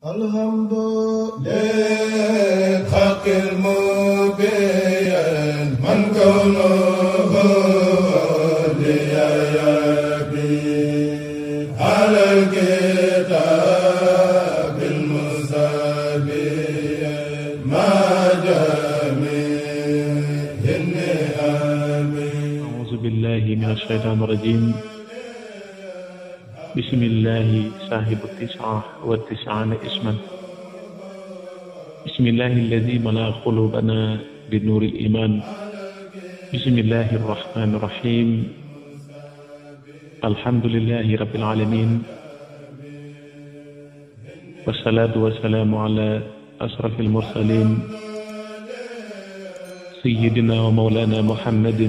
الحمد للحق المبين من كونه ليبي على الكتاب المستبين ما جميع النعم أعوذ بالله من الشيطان الرجيم باسم الله صاحب التسعة والتسعان اسما بسم الله الذي ملا قلوبنا بنور الإيمان بسم الله الرحمن الرحيم الحمد لله رب العالمين والصلاة والسلام على أشرف المرسلين سيدنا ومولانا محمد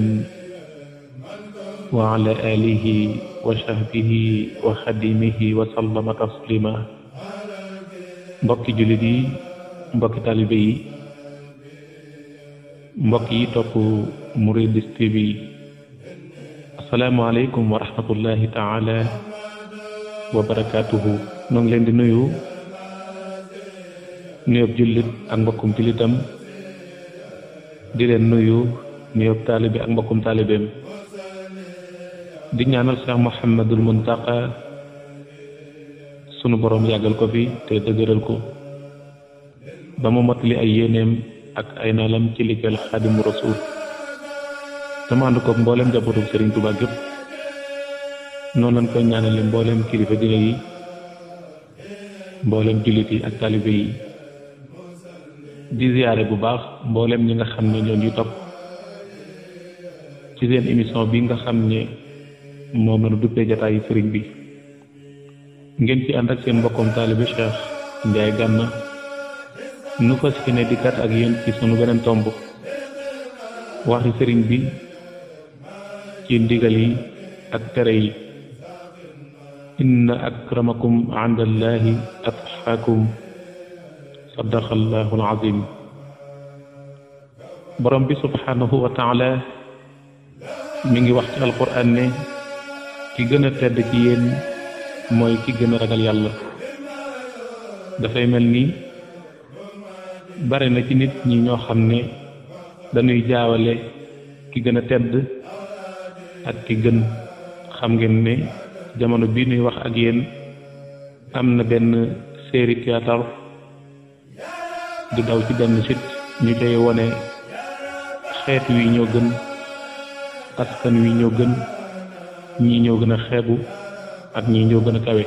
wa ala alihi wa sahbihi wa xadimihi wa sallama taslima mbokki jullit yi mbokki talibe yi mbokk yi topp Mouridis TV asalaamualeykum wa rahmatullahi taala wa barakaatuhu nu ngi leen di nuyu nuyób jullit ak mbokkum jullitam di leen nuyu nuyób taalibe ak mbokkum taalibeem di ñaanal Cheikh Mouhamadul Muntaqa sunu borom yàggal ko fi te dëgëral ko ba mu li ay yéeneem ak ay naalam ci liggéeyal xaadimu rasuul dama ànd ko mbooleem njabootu Serigne Touba gépp noonu lan koy ñaanale mbooleem kilifa dina yi mbooleem jullit yi ak taalibe yi di ziyaare bu baax mbooleem ñi nga xam ne ñoo ñuy topp ci seen émission bi nga xam ne moom la duppee jataayu sëriñ bi ngeen ci ànd ak seen mbokkoom taalibe Cheikh Ndiaye Gana nu fas yéene di ak yéen ci suñu beneen tomb waxi sëriñ bi ci ndigal yi ak tere yi inna akramakum indallahi atqaakum sadaqallahu alazim borom bi subhanahu wa taala mi ngi wax ci ne ki gën a tedd ci yéen mooy ki gën ragal yàlla dafay mel ni bare na ci nit ñi ñoo xam ne dañuy jaawale ki gën a tedd ak ki gën xam ngeen ne jamono bii nuy wax ak yéen am na benn série théâtre du daw ci benn site ñu koy wone xeet yi ñoo gën askan wi ñoo gën ñii ñëw gën a xeebu ak ñii ñoo gën a kawe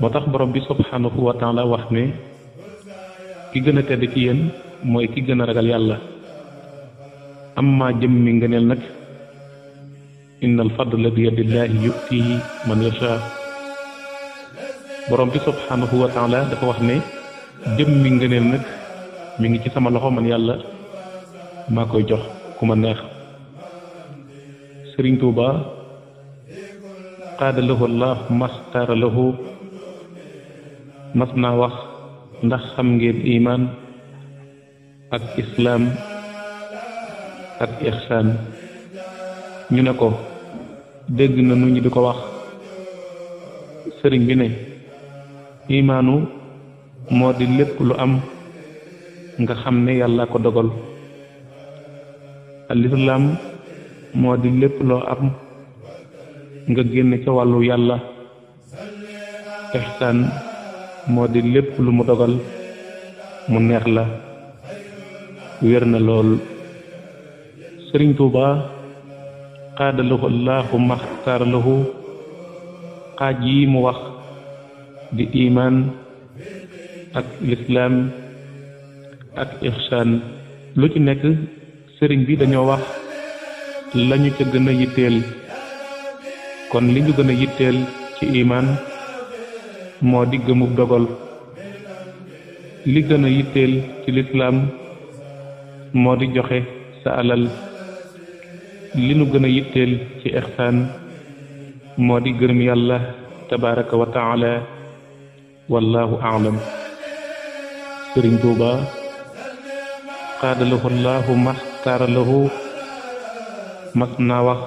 moo tax borom bi subhanahu wa taala wax ne ki gën a tedd ci yéen mooy ki gën a ragal yàlla am amma jëm mi ngëneel nag inna al fadla bi yadillahi yutihi man yasha borom bi subhanahu wa taala dafa wax ne jëm mi ngëneel nag mu ngi ci sama loxo man yàlla maa koy jox ku ma neex sëriñ tuuba qaada lahu allah maxtaara lahu mas naa wax ndax xam ngeen imaan ak islaam ak ixsaan ñu ne ko dégg na nu ñu di ko wax sëriñ bi ne imaanu moo di lépp lu am nga xam ne yàlla ko dogal al islaam moo di lépp loo am nga génn ca wàllu yàlla ihsaan moo di lépp lu mu dogal mu neex la wér na lool sëriñ tuuba xaadalahu allahu maxtaaralahu xaaj yi mu wax di imaan ak lislaam ak ihsaan lu ci nekk sëriñ bi dañoo wax lañu ca gën a yitteel kon li ñu gën a yitteel ci iman moo di gëmub dogal li gën a yitteel ci lislaam moo di joxe sa alal li nu gën a yitteel ci ixsaan moo di gërëm yàlla tabaraka wa taala wallahu aalam sëriñ tuuba qaadalahu allahu mas naa wax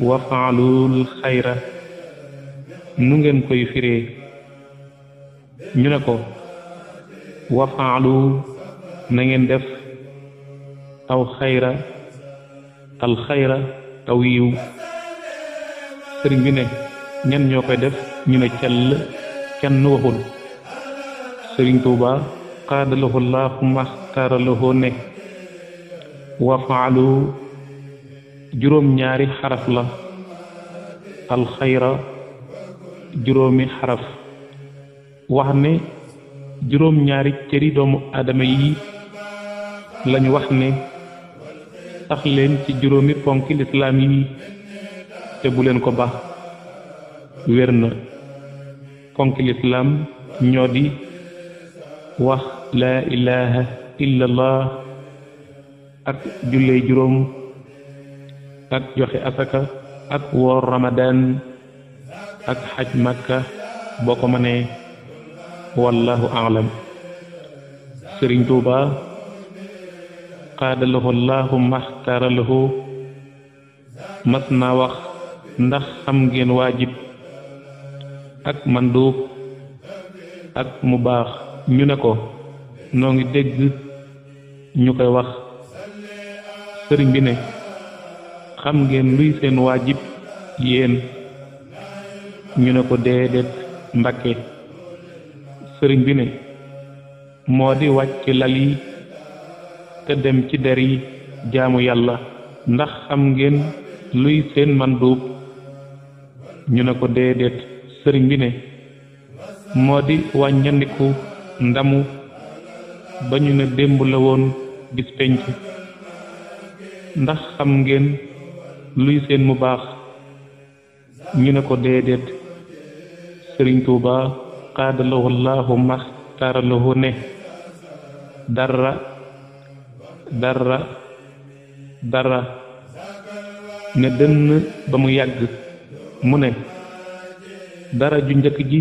wafaalul xayra nu ngeen koy firee ñu ne ko wafaalu na ngeen def aw xayra alxayra aw yiw sëriñ bi ne ñan ñoo koy def ñu ne cell kenn waxul sëriñ tuuba qaadalahu laahu maxtaaralahu ne wafaalu juróom-ñaari xaraf la alxayra juróomi xaraf wax ne juróom-ñaari cëri doomu aadama yi lañu wax ne tax leen ci juróomi ponki lislaam yi te bu leen ko baax wér na ponki lislaam ñoo di wax laa ilaha illallah ak julley juróom ak joxe asaka ak woor ramadan ak xaj makka boo ko mënee wallahu aalam sëriñ tuuba qaadalahu allahu maxtaaralahu mas naa wax ndax xam ngeen waajib ak manduub ak mu baax ñu ne ko noo ngi dégg ñu koy wax sëriñ bi ne xam ngeen luy seen waajib yéen ñu ne ko déedéet mbakke sëriñ bi ne moo di wàcc lal yi te dem ci der yi jaamu yàlla ndax xam ngeen luy seen manduub ñu ne ko déedéet sëriñ bi ne moo di wàññandiku ndamu ba ñu ne démb la woon bis ndax xam ngeen luy seen mu baax ñu ne ko déedéet sëriñ tuuba qaadalahu llahu maxtaaralahu ne dara dara dara ne dënn ba mu yàgg mu ne dara ju njëkk ji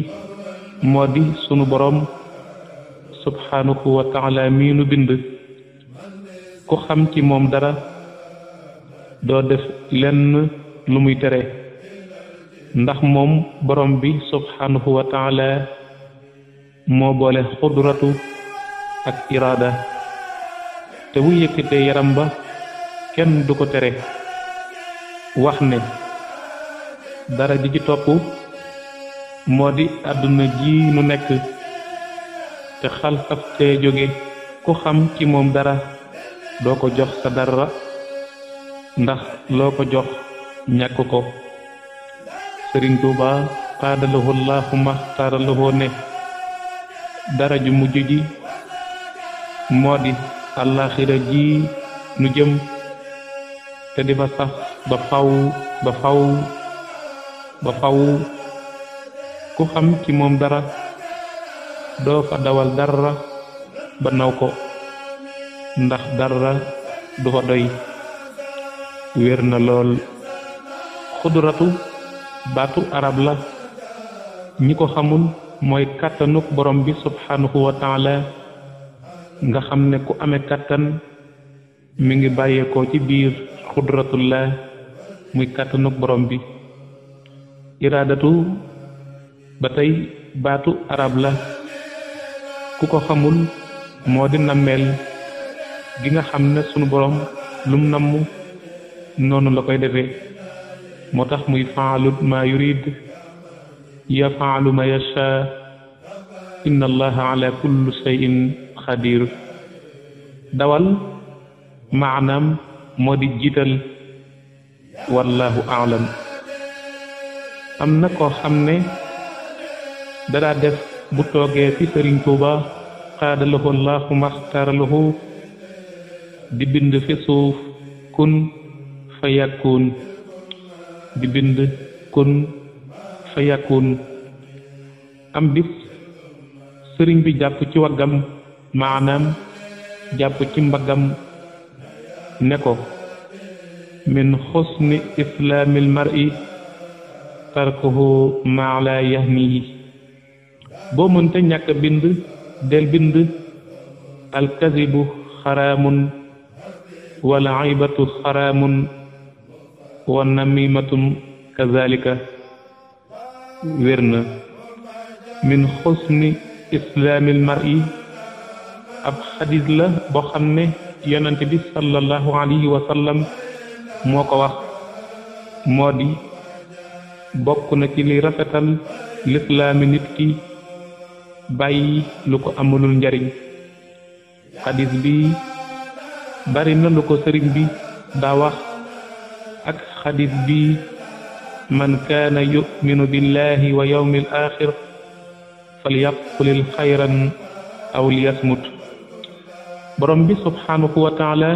moo di sunu boroom subhaanahu wa taala mii nu bind ku xam ci moom dara doo def lenn lu muy tere ndax moom borom bi subhanahu wa moo boole xudratu ak iraada te bu yëkkatee yaram ba kenn du ko tere wax ne dara ji ci topp moo di àdduna ji mu nekk te xalxaf te jóge ku xam ci moom dara doo ko jox sa dara ndax loo ko jox ñàkk ko sëriñ Tuuba xaadalahu laahu maxtaaralahoo ne dara ju mujj ji moo di àllaaxira ji nu jëm te di fa sax ba faw ba faw ba faw ku xam ci moom dara doo fa dawal dara ba naw ko ndax dara du fa doy wér na lool xudratu baatu arab la ñi ko xamul mooy kàttanuk borom bi subhanahu wa taala nga xam ne ku amee kàttan mu ngi bàyyeekoo ci biir la muy kàttanuk borom bi iraadatu ba tey baatu arab la ku ko xamul moo di nammeel gi nga xam ne sunu borom lum namm noonu la koy defee moo tax muy faalu ma yurid yafaalu ma yasha inna allaha ala kulli shay'in qadir dawal maanaam moo di jiital wallahu aalam am na koo xam ne dara def bu toogee fi sëriñ Tuuba xaadalahu allahu maxtaaralahu di bind fi suuf kun fa yàkkoon di bind kon fa yàkkoon am bis sëriñ bi jàpp ci waggam maanaam jàpp ci mbaggam ne ko min xusni islaamil mar'i tarkuhu maa laa yahnihi boo mënta ñàkk bind del bind alkazibu xaraamun wal aybatu xaraamun wa namimatum kazalika wér na min xusni islaamil mar'i ab xadis la boo xam ne yonent bi sallallahu alayhi wa moo ko wax moo di bokk na ci li rafetal lislaami nit ki bàyyi lu ko amalul njariñ xadis bi bari lu ko sëriñ bi daa wax xadis bi man kaana yuminu billahi wa yawmi al axir falyaqulil xayran aw liyasmut borom bi subhaanahu wa taala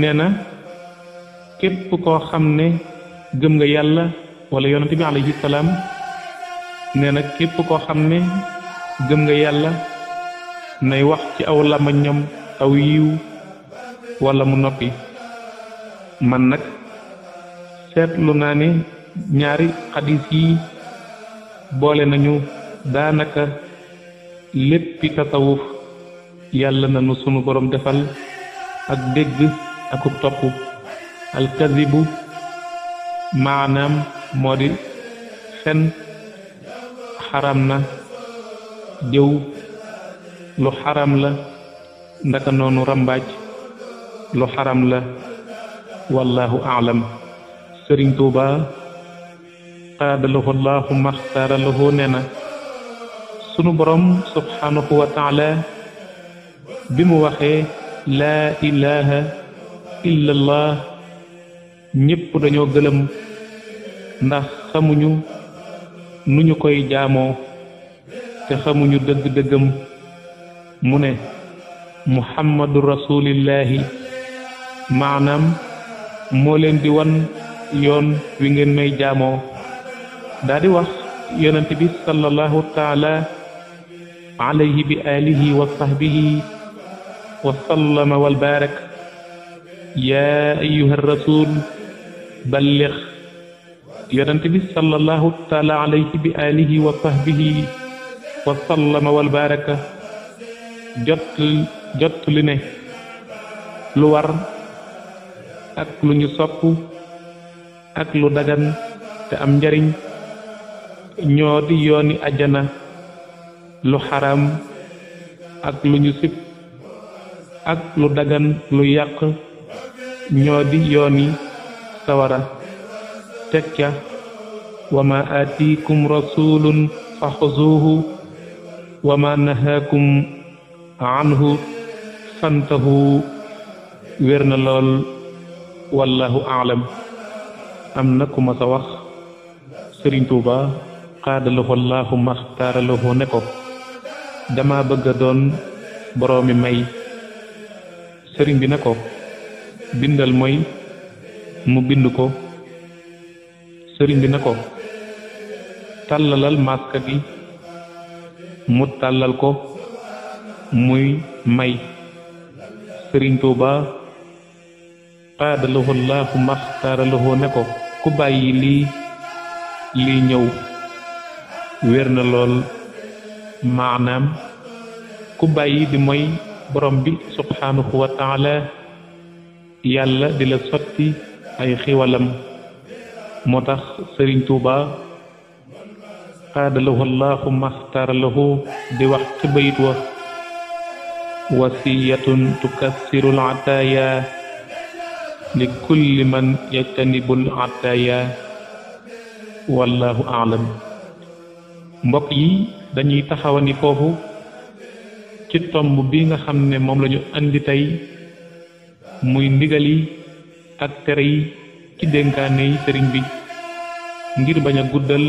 nee na képp koo xam ne gëm nga yàlla wala yonente bi alayhi salaam nee na képp koo xam ne gëm nga yàlla nay wax ci aw lamañam aw yiw wala mu noppi man nag seetlu naa ne ñaari xadis yi boole nañu daanaka léppi tasawuf yàlla nañu sunu borom defal ak dégg ak topp alkazibu maanaam moo di sen xaram na jëw lu xaram la ndaka noonu rambaaj lu xaram la wallahu aalam sëriñ tuuba xaadalahu allahu maxtaaralahu nee na sunu borom subhaanahu wa taala bi mu waxee laa ilaha illa ñépp dañoo gëlëm ndax xamuñu nu ñu koy jaamoo te xamuñu dëgg-dëggam mu ne muhammadu rasulillahi maanaam moo leen di wan yoon wi ngeen may jaamoo daa di wax yonent bi sallallahu taala alayhi bi alihi wa sahbihi wa sallama wal barak yaa ayyuha rasul balligh yonent bi sallallahu taala alayhi bi alihi wa sahbihi wa sallama wal barak jot li ne lu war ak lu ñu sopp ak lu dagan te am njariñ ñoo di yooni ajjana lu xaram ak lu ñu sib ak lu dagan lu yàq ñoo di yooni sawara teg ca wa ma aatiikum rasulun fa xuzuuhu wa ma nahaakum anhu fantahu wér na lool wallahu aalam am na ku ma sa wax sëriñ Tuuba xaadalahu allahu maxtaaralahu ne ko dama bëgg a doon boroomi may sëriñ bi ne ko bindal mooy mu bind ko sëriñ bi ne ko tàllalal maska gi mu tàllal ko muy may sëriñ Tuuba qaadalahu laahu maxtaaralahu ne ko ku bàyyi lii lii ñëw wér na lool maanaam ku bàyyi di moy borom bi subhaanahu wa taala yàlla di la sotti ay xiwalam moo tax sëriñ tuuba qaadalahu allahu maxtaaralahu di wax ci bayit wa wasiyatun tukassiru ataaya li kulli man yajtanibul ataya wallahu aalam mbokk yi dañuy taxawani foofu ci tomb bi nga xam ne moom lañu ñu andi tey muy ndigal ak tere yi ci dénkaane yi sëriñ bi ngir bañ a guddal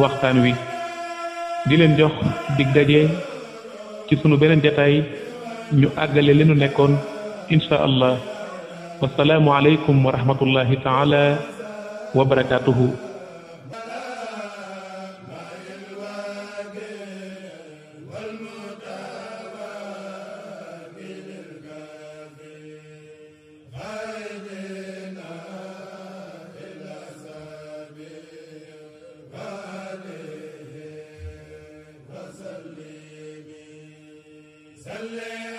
waxtaan wi di leen jox dig daje ci sunu beneen jataay ñu àggale li nu nekkoon incha allah wassalaamu aleykum wa rahmatullahi taala wa barakaatuhu Salli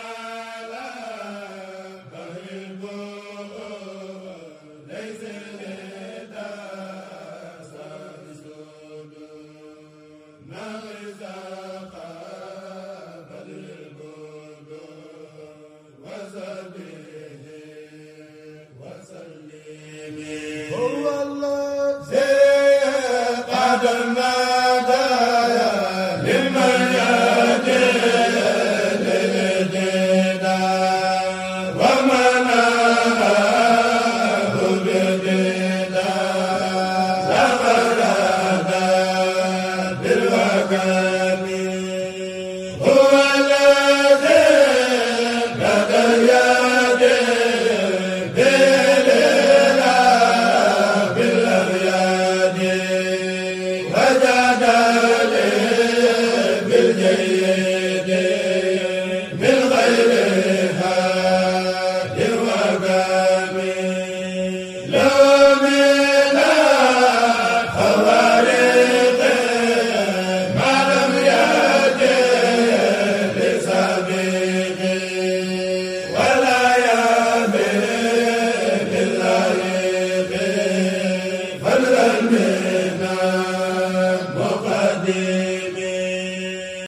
Amen.